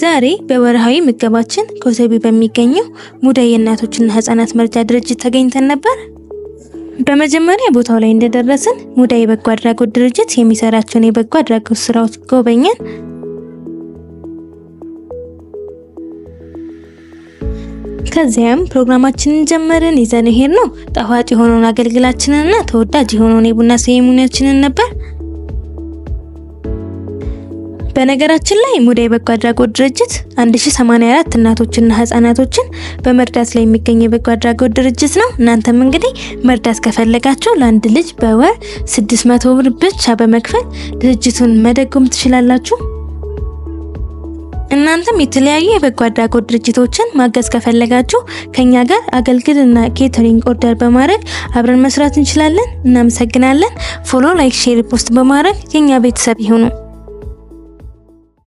ዛሬ በወርሃዊ ምገባችን ኮሰቢ በሚገኘው ሙዳይ የእናቶችና ህጻናት መርጃ ድርጅት ተገኝተን ነበር። በመጀመሪያ ቦታው ላይ እንደደረስን ሙዳይ የበጎ አድራጎት ድርጅት የሚሰራቸውን የበጎ አድራጎት ስራዎች ጎበኘን። ከዚያም ፕሮግራማችንን ጀመርን። ይዘን ሄድ ነው ጣፋጭ የሆነውን አገልግላችንንና ተወዳጅ የሆነውን የቡና ሴሬሞኒያችንን ነበር። በነገራችን ላይ ሙዳይ በጎ አድራጎት ድርጅት 1084 እናቶችና ህጻናቶችን በመርዳት ላይ የሚገኝ የበጎ አድራጎት ድርጅት ነው። እናንተም እንግዲህ መርዳት ከፈለጋችሁ ለአንድ ልጅ በወር 600 ብር ብቻ በመክፈል ድርጅቱን መደጎም ትችላላችሁ። እናንተም የተለያዩ የበጎ አድራጎት ድርጅቶችን ማገዝ ከፈለጋችሁ ከኛ ጋር አገልግልና ኬተሪንግ ኦርደር በማድረግ አብረን መስራት እንችላለን። እናመሰግናለን። ፎሎ፣ ላይክ፣ ሼር፣ ፖስት በማድረግ የኛ ቤተሰብ ይሁኑ።